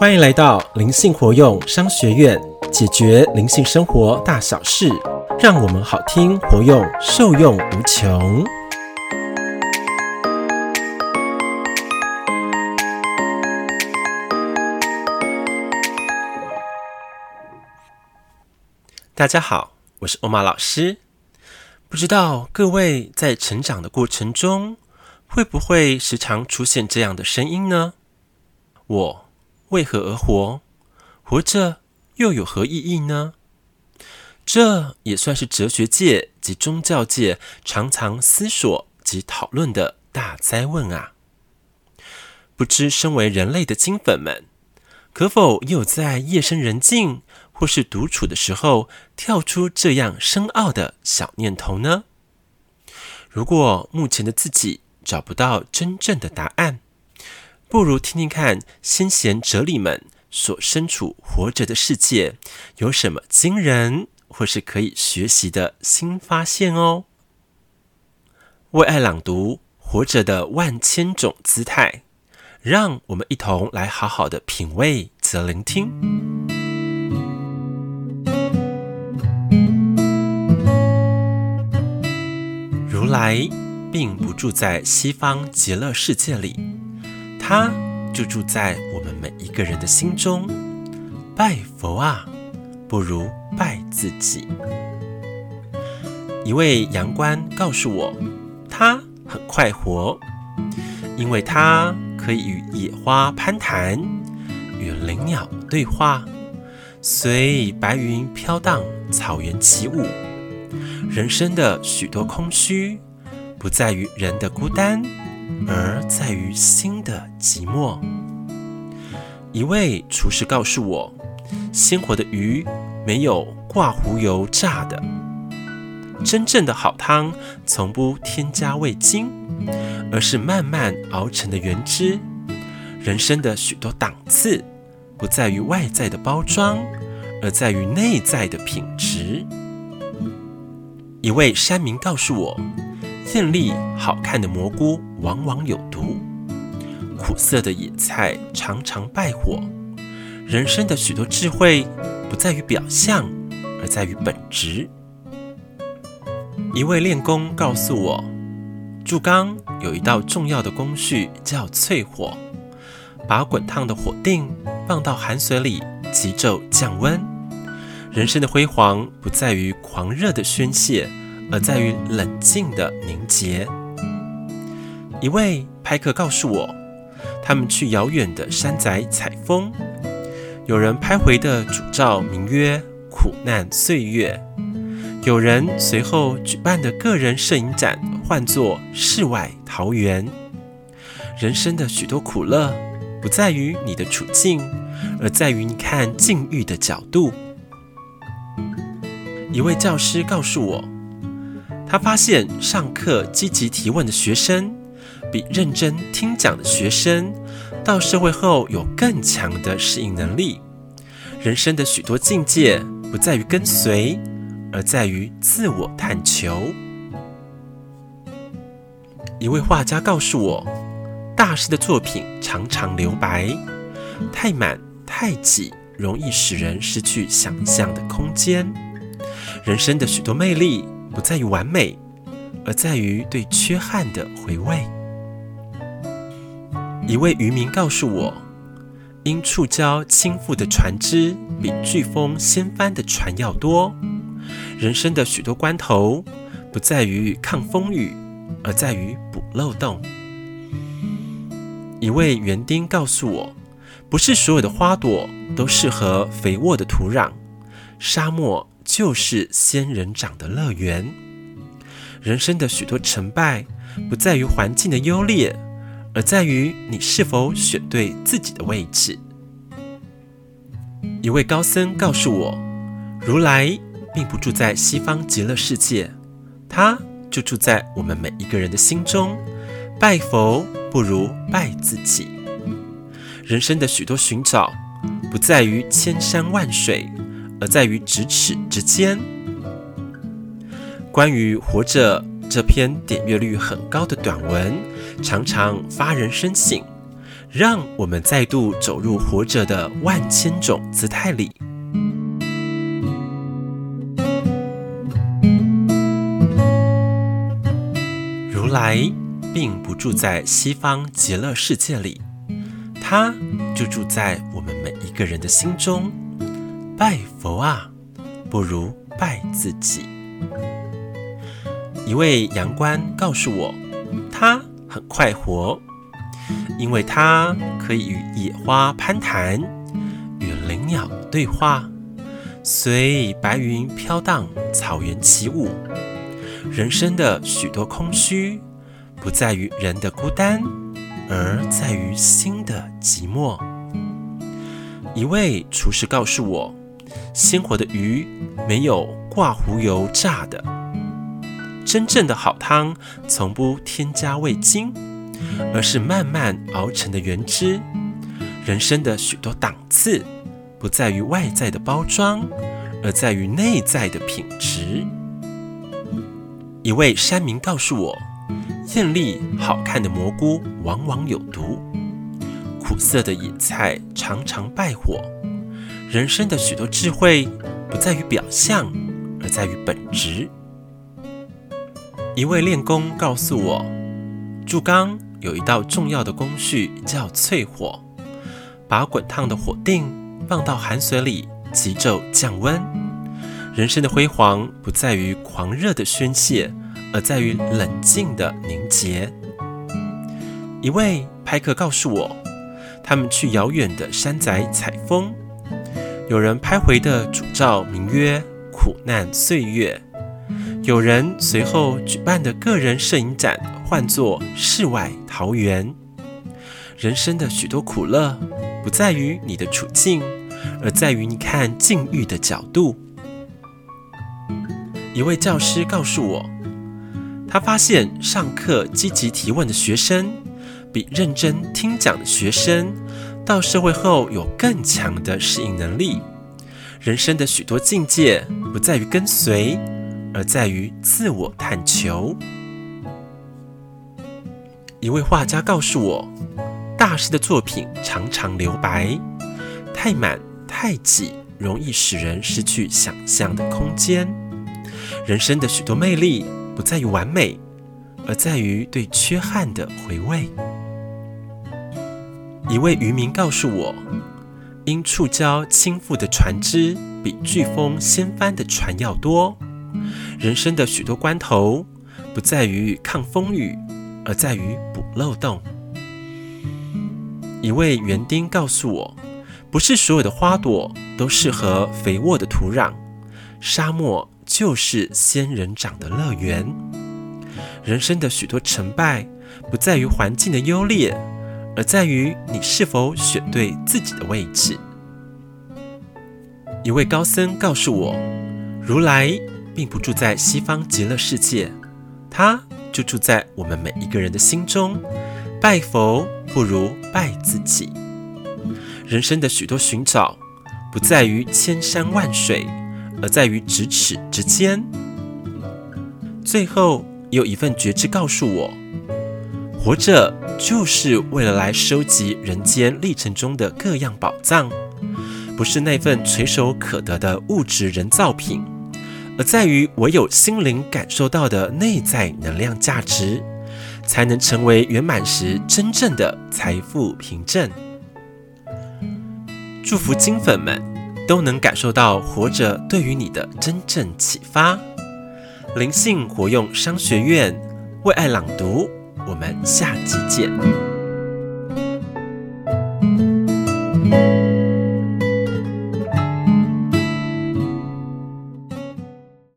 歡迎來到靈性活用商學苑，解決靈性生活大小事，讓我們好聽活用，受用無窮。大家好，我是歐瑪老師。不知道各位在成長的過程中，會不會時常出現這樣的聲音呢？我。為何而活？活着又有何意義呢？這也算是哲學界及宗教界常常思索及討論的大哉問啊！不知身為人類的金粉們，可否又在夜深人靜或是獨處的時候，跳出這樣深奧的小念頭呢？如果目前的自己找不到真正的答案，不如聽聽看先賢哲理們所身處活着的世界有什麼驚人或是可以學習的新發現哦。為愛朗讀《活着的萬千種姿態》，讓我們一同來好好的品味則聆聽。如來並不住在西方極樂世界裡。他就住在我們每一個人的心中。拜佛啊，不如拜自己。一位羊倌告訴我，他很快活，因為他可以與野花攀談，與靈鳥對話，隨白雲飄蕩，草原起舞。人生的許多空虛，不在於人的孤單。而在於心的寂寞。一位廚師告訴我，鮮活的魚沒有掛糊油炸的，真正的好湯從不添加味精，而是慢慢熬成的原汁。人生的許多檔次，不在於外在的包裝，而在於內在的品質。一位山民告訴我。絢麗好看的蘑菇往往有毒，苦澀的野菜常常敗火。人生的許多智慧，不在於表象，而在於本質。一位練功告訴我，鑄鋼有一道重要的工序叫淬火，把滾燙的火錠放到寒水裡急驟降溫。人生的輝煌不在於狂熱的宣泄。而在於冷靜的凝結。一位拍客告訴我，他們去遙遠的山寨采風，有人拍回的主照名曰“苦難歲月”，有人隨後舉辦的個人攝影展喚作“世外桃源”。人生的許多苦樂，不在於你的處境，而在於你看境遇的角度。一位教師告訴我。他發現，上課積極提問的學生，比認真聽講的學生，到社會後有更強的適應能力。人生的許多境界，不在於跟隨，而在於自我探求。一位畫家告訴我，大師的作品常常留白，太滿太擠，容易使人失去想象的空間。人生的許多魅力。不在於完美，而在於對缺憾的回味。一位漁民告訴我，因觸礁傾覆的船只比颶風掀翻的船要多。人生的許多關頭，不在於抗風雨，而在於補漏洞。一位園丁告訴我，不是所有的花朵都適合肥沃的土壤，沙漠。就是仙人掌的樂園。人生的許多成敗，不在於環境的優劣，而在於你是否選對自己的位置。一位高僧告訴我：“如來並不住在西方極樂世界，他就住在我們每一個人的心中。拜佛不如拜自己。人生的許多尋找，不在於千山萬水。”而在於咫尺之間。關於《活着》這篇點閱率很高的短文，常常發人深省，讓我們再度走入活着的萬千種姿態裡。如來並不住在西方極樂世界裡，他就住在我們每一個人的心中。拜佛啊，不如拜自己。一位羊倌告訴我，他很快活，因為他可以與野花攀談，與靈鳥對話。隨白雲飄蕩，草原起舞。人生的許多空虛，不在於人的孤單，而在於心的寂寞。一位廚師告訴我。鮮活的魚沒有掛糊油炸的，真正的好湯從不添加味精，而是慢慢熬成的原汁。人生的許多檔次，不在於外在的包裝，而在於內在的品質。一位山民告訴我，艷麗好看的蘑菇往往有毒，苦澀的野菜常常敗火。人生的許多智慧，不在於表象，而在於本質。一位練功告訴我，鑄鋼有一道重要的工序叫淬火，把滾燙的火錠放到寒水裡，急驟降溫。人生的輝煌不在於狂熱的宣泄，而在於冷靜的凝結。一位拍客告訴我，他們去遙遠的山寨采風。有人拍回的主照名曰《苦難歲月》，有人隨後舉辦的個人攝影展喚作《世外桃源》。人生的許多苦樂，不在於你的處境，而在於你看境遇的角度。一位教師告訴我，他發現上課積極提問的學生，比認真聽講的學生，到社會後有更強的適應能力。人生的許多境界不在於跟隨，而在於自我探求。一位畫家告訴我，大師的作品常常留白，太滿太擠，容易使人失去想象的空間。人生的許多魅力不在於完美，而在於對缺憾的回味。一位漁民告訴我，因觸礁傾覆的船隻比颶風掀翻的船要多。人生的許多關頭，不在於抗風雨，而在於補漏洞。一位園丁告訴我，不是所有的花朵都適合肥沃的土壤，沙漠就是仙人掌的樂園。人生的許多成敗，不在於環境的優劣。而在於你是否選對自己的位置。一位高僧告訴我：“如來並不住在西方極樂世界，他就住在我們每一個人的心中。拜佛不如拜自己。人生的許多尋找，不在於千山萬水，而在於咫尺之間。”最後，有一份覺知告訴我。活着就是為了來收集人間歷程中的各樣寶藏，不是那份垂手可得的物質人造品，而在於唯有心靈感受到的內在能量價值，才能成為圓滿時真正的財富憑證。祝福金粉們都能感受到活着對於你的真正啟發。靈性活用商學苑為愛朗讀。我們下集見。